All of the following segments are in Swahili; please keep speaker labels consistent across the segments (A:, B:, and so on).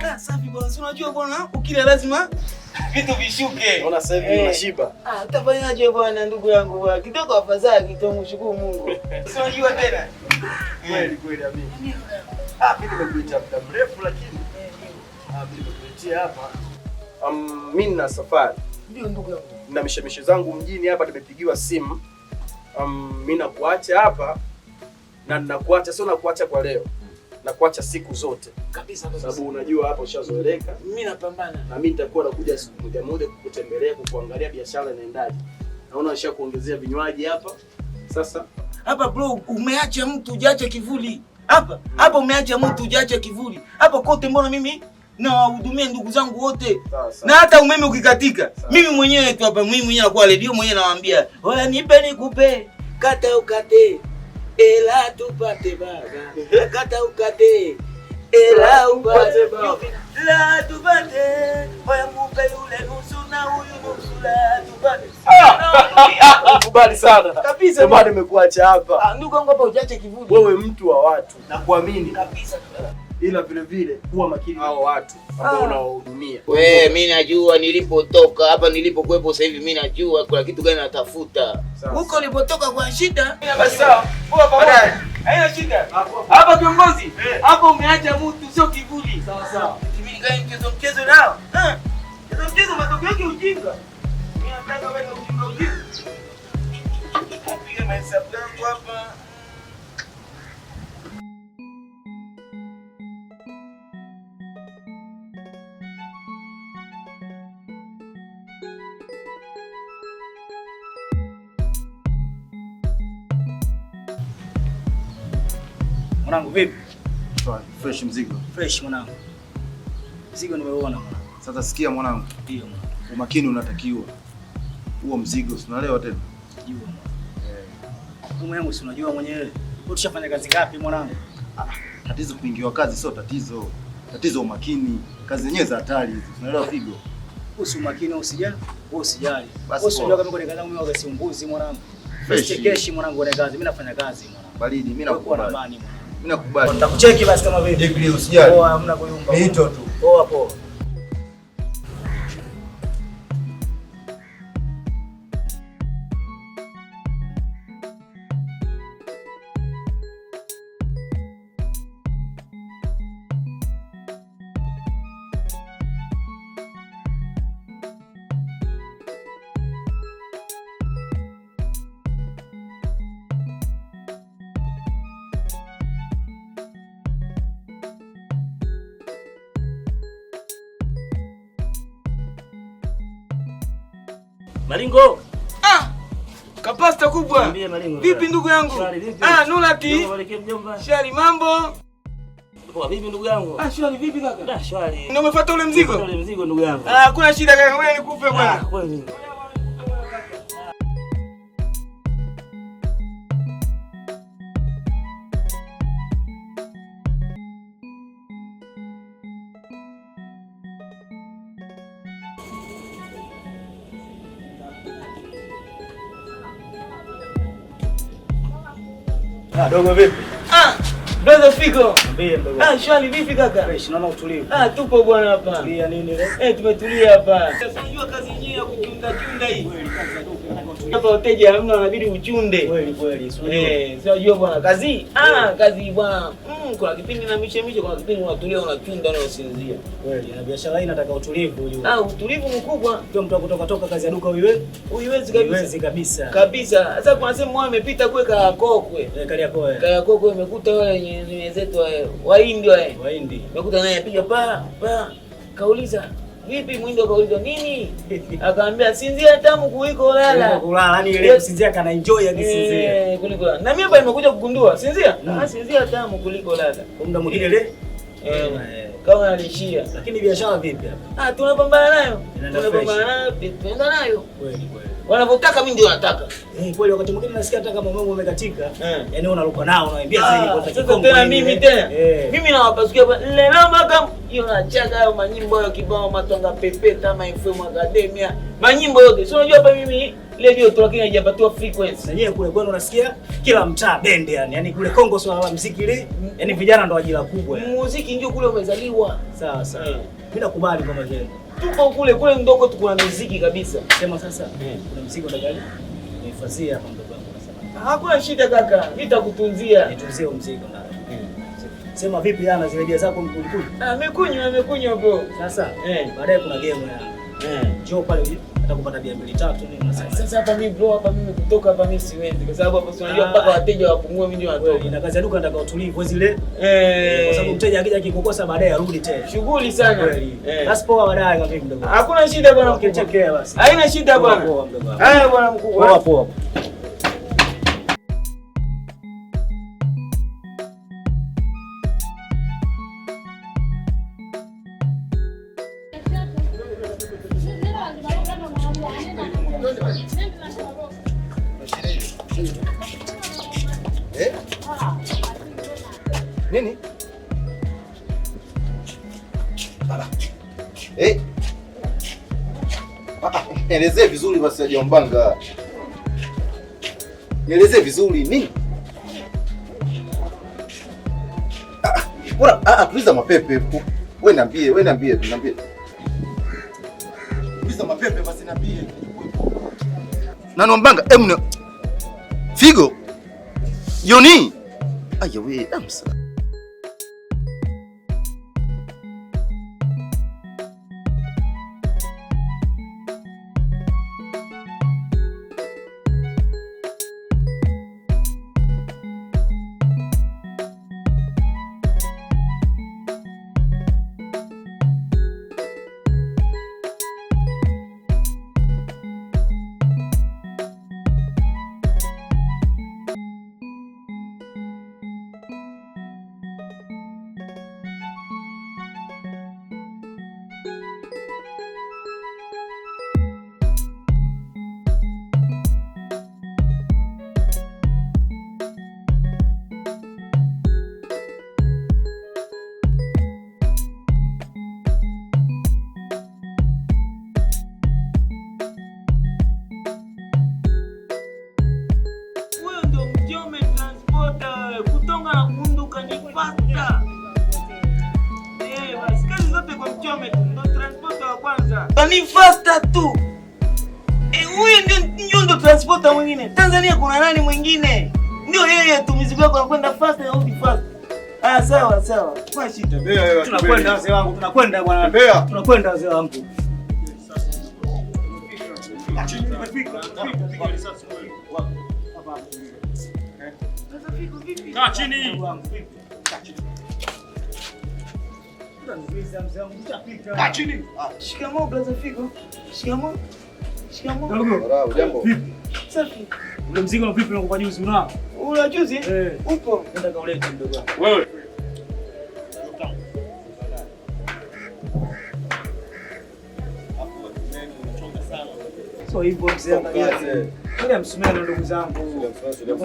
A: Ah, safi bwana, si unajua bwana, ukila lazima
B: vitu vishuke.
C: Unaona sasa hivi eh. unashiba.
A: Ah, utafanyaje bwana, ndugu yangu bwana, kidogo afadhali kidogo, mshukuru Mungu. Si unajua tena.
B: Kweli kweli amini. Ah, mimi nimekuita muda mrefu lakini eh. ah, mimi nimekuitia hapa. Um, mimi na safari. Ndio ndugu yangu. Na mishemishe zangu mjini hapa nimepigiwa simu. Um, mimi nakuacha hapa na nakuacha sio nakuacha kwa leo na kuacha siku zote kabisa, kwa sababu unajua hapo ushazoeleka.
A: Mimi napambana
B: na mimi nitakuwa nakuja siku moja moja kukutembelea, kukuangalia biashara inaendaje. Naona kuongezea vinywaji hapa sasa.
A: Hapa bro, umeacha mtu ujaacha kivuli hapa hapa, umeacha mtu ujaacha kivuli hapa kote. Mbona mimi na wahudumia ndugu zangu wote na hata umeme ukikatika, mimi mwenyewe tu hapa, mimi mwenyewe nakuwa redio mwenyewe nawaambia, nipe nikupe, kata ukate Ela tupate baba, kata ukate. Ela upate la tupate. Oya mupe yule nusu na huyu nusu la tupate. Ah!
B: Kubali sana. Kabisa. Ndio nimekuacha hapa.
A: Ah, ndugu wangu hapa ujache kivuli.
B: Wewe mtu wa watu. Nakuamini. Kabisa ila vile vile kuwa makini hao watu ambao ah. unawahudumia.
A: Wewe, mimi najua nilipotoka hapa nilipokuepo sasa hivi, mimi najua kuna kitu gani natafuta huko nilipotoka kwa shida.
B: Basi sawa, poa pamoja, haina shida
A: hapa. Kiongozi eh. hapa umeacha mtu sio kivuli. Sawa sawa, mimi gani mchezo mchezo nao mchezo mchezo, matokeo yake ujinga. Mimi nataka wewe ujinga ujinga, piga mahesabu yangu hapa Mwanangu vipi? Fresh mzigo. Fresh mwanangu. Mzigo nimeuona mwanangu.
B: Sasa sikia mwanangu. Ndio mwanangu. Umakini unatakiwa. Huo mzigo si unaelewa tena?
A: Ndio mwanangu. Eh. Mume wangu si unajua mwenyewe. Wewe tushafanya kazi ngapi mwanangu? Ah,
B: tatizo kuingiwa kazi sio tatizo. Tatizo umakini. Kazi zenyewe za hatari hizo. Unaelewa figo?
A: Usi umakini usija. Wewe usijali. Basi unajua kama kuna kazi mimi wasiunguzi mwanangu. Fresh. Keshi mwanangu ni kazi. Mimi nafanya kazi mwanangu.
B: Baridi mimi Kwa amani mwanangu. Mimi nakubali.
A: Nitakucheki basi kama vile.
B: Degree usijali.
A: Poa, hamna kuyumba. Mito tu. Poa poa. Malingo. Ah! Kapasta kubwa. Vipi ndugu yangu? Ah, Nurati. Shari mambo. Kwa vipi ndugu yangu? Ah, shari vipi kaka? Ah, shari. Ndio umefuata ule mzigo?
B: Ule mzigo ndugu yangu.
A: Ah, kuna shida kaka, wewe nikupe bwana. Ah,
B: Ah, dogo vipi?
A: Brother Figo. Ah, shwari vipi kaka?
B: Fresh, naona utulivu.
A: Ah, tupo bwana hapa.
B: Tulia nini leo?
A: Eh, tumetulia hapa. Sasa unajua kazi yenyewe ya kuchunda chunda hii. Hapa wateja hamna wanabidi uchunde.
B: Kweli kweli.
A: Eh, sio jua bwana kazi. Ah, kazi bwana. Mm, kuna kipindi na miche miche, kuna kipindi unatulia unachunda na usinzia.
B: Kweli. Na biashara hii inataka utulivu ujue.
A: Ah, utulivu mkubwa. Ndio mtu kutoka toka kazi ya duka uiwe. Eh? Uiwezi kabisa.
B: Uiwezi kabisa.
A: Kabisa. Sasa kuna sehemu amepita kwe kakokwe.
B: Eh, kali kokwe. Kali
A: kokwe imekuta wale ni wenzetu Wahindi wale Wahindi, nakuta naye apiga pa pa, kauliza vipi mwindo, kauliza nini? Akaambia sinzia tamu kuliko kulala
B: kulala, yani ile sinzia kana enjoy hadi yaani eh,
A: sinzia kuliko lala. Na mimi hapa nimekuja kugundua sinzia, mm. ah, sinzia tamu kuliko lala kwa muda mwingine ile eh, eh. kama alishia.
B: Lakini biashara vipi hapa?
A: Ah, tunapambana nayo tunapambana nayo, tunaenda nayo kweli kweli wanavyotaka mimi ndio nataka.
B: Eh, kweli wakati mwingine nasikia hata kama mama umekatika, eh. yani unaruka nao unaambia ah, sasa hivi
A: kwa sababu tena mimi tena. Eh. Mimi nawapasukia namba kama hiyo na chaga hayo manyimbo hayo kibao matanga pepeta ma FM Academia. Manyimbo yote. Sio unajua hapa mimi radio tu lakini haijapatiwa frequency.
B: Na yeye kule bwana unasikia kila mtaa bende yani. Yaani kule Kongo swala la muziki ile, yani vijana ndo ajira kubwa.
A: Muziki ndio kule umezaliwa.
B: Sawa sawa. Eh bila kubali kwa majengo.
A: Tuko kule kule ndoko tuko na muziki kabisa.
B: Sema sasa. Eh. Kuna muziki unataka nifazia hapa ndogo yangu nasema.
A: Hakuna shida kaka, nitakutunzia.
B: Nitunzie muziki na. Eh. Sema vipi yana zile bia zako mkulikuli?
A: Ah, amekunywa amekunywa bro.
B: Sasa eh, baadaye kuna game yana. Eh njoo pale atakupata bia mbili tatu. Mm.
A: Sasa hapa mimi bro, hapa mimi kutoka hapa mimi siwendi, kwa sababu hapo si unajua ah. mpaka wateja wapungue, mimi ndio watoke
B: na kazi ya duka, nataka utulivu zile
A: eh, kwa
B: sababu mteja akija kikukosa baadaye arudi tena,
A: shughuli sana.
B: Eh. Basi poa, baadaye kwa mimi mdogo,
A: hakuna shida bwana,
B: mkichekea basi,
A: haina shida bwana. Haya bwana mkubwa,
B: poa poa. Nini? Baba. Eh. Ah, ah, nielezee vizuri basi ajombanga. Nielezee vizuri nini? Ah, bora, ah, tuliza mapepe huko. Wewe niambie, wewe niambie, niambie. Tuliza mapepe basi niambie. Nanombanga emne. Figo. Yoni. Ayo wewe, damsa.
A: usome tu, wa kwanza. Ni fasta tu huyo e, ndio ndo transporta mwingine Tanzania. Kuna nani mwingine? Ndio yeye tu, mizigo yako nakwenda fasta au ni fasta. Ah, sawa sawa, tunakwenda wazee wangu, tunakwenda bwana, tunakwenda wazee wangu.
B: Kaa chini. Kaa chini.
A: Shikamoo brother Figo. Shikamoo. Shikamoo.
B: Bravo, jambo. Safi. Ule mzigo wa vipi unakupa juzi mna?
A: Ule juzi? Eh. Upo.
B: Nenda kaulete mdogo wangu. Wewe.
A: So hivyo mzee angalia. Yule msumeno ndugu zangu.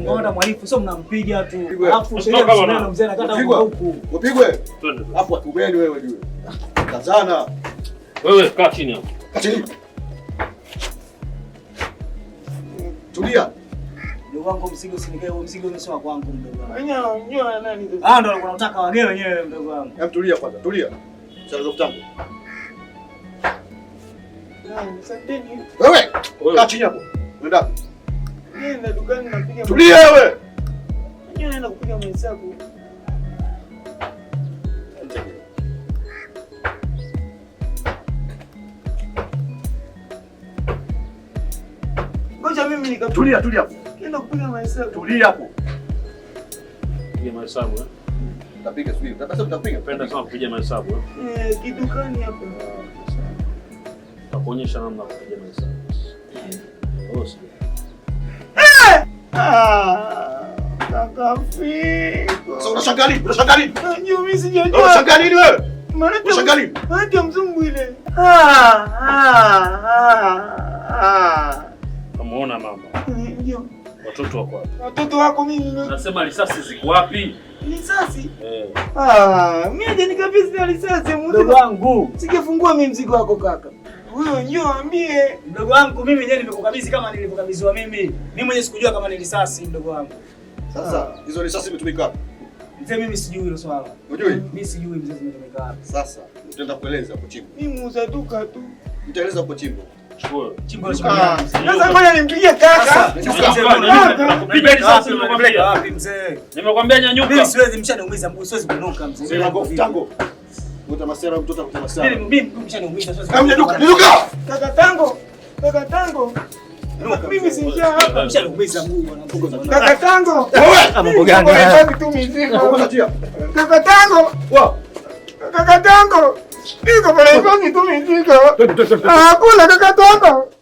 A: Mnaona mwalifu sio mnampiga tu. Alafu sheria msumeno mzee anakata huku.
B: Upigwe. Alafu atumeni wewe juu. Kazana. Wewe kaa chini hapo. Kaa chini. Tulia.
A: Ndugu wangu mzigo usinikae, huo mzigo unasema kwangu mdogo wangu. Wewe unajua nani? Ah, ndio unataka wagewe wenyewe mdogo wangu.
B: Hebu tulia kwanza, tulia. Chanzo kutangu. Wewe, kaa chini hapo. Nenda.
A: Nenda dukani napiga.
B: Tulia wewe.
A: Mimi naenda kupiga mhesabu. Ngoja mimi
B: nikatulia, tulia tulia.
A: Nenda kupiga mhesabu.
B: Tulia hapo. Piga mhesabu eh. Utapiga sivyo? Utakasa utapiga. Penda sana kupiga mhesabu
A: eh. Eh, kidukani hapo.
B: Tutakuonyesha namna ya kupiga mhesabu bosi. Kamuona mama watoto wako wapi?
A: Watoto wako mimi.
B: Nasema risasi ziko wapi?
A: Risasi? Eh. Ah, mimi je nikabisi na risasi mwanangu. Singefungua mimi mzigo wako kaka wewe njoo waambie mdogo wangu, mimi mwenyewe nimekukabidhi kama nilivyokabidhiwa mimi. Mimi mwenyewe sikujua kama ni risasi mdogo wangu.
B: Sasa hizo risasi imetumika wapi?
A: Mzee, mimi sijui hilo swala. Unajui? Mimi sijui mzee zimetumika wapi.
B: Sasa utaenda kueleza hapo chimbo.
A: Mimi muuza duka tu.
B: Utaeleza hapo chimbo. Chimbo.
A: Chimbo. Ah, Sasa ngoja nimpigie kaka.
B: Nimekuambia nyanyuka. Mimi
A: siwezi mshaniumiza mguu, siwezi kunuka
B: mzee. tango. Utamasera mtoto utamasera.
A: Mimi mimi mshaniumisha sasa. Kama niduka, Kaka tango. Kaka tango. Mimi siingia hapa mshaniumisha Mungu wanangu. Kaka tango. Wewe mambo gani? Wewe tu mizigo. Kaka tango. Kaka tango. Niko pale hivi tu mizigo. Hakuna kaka tango.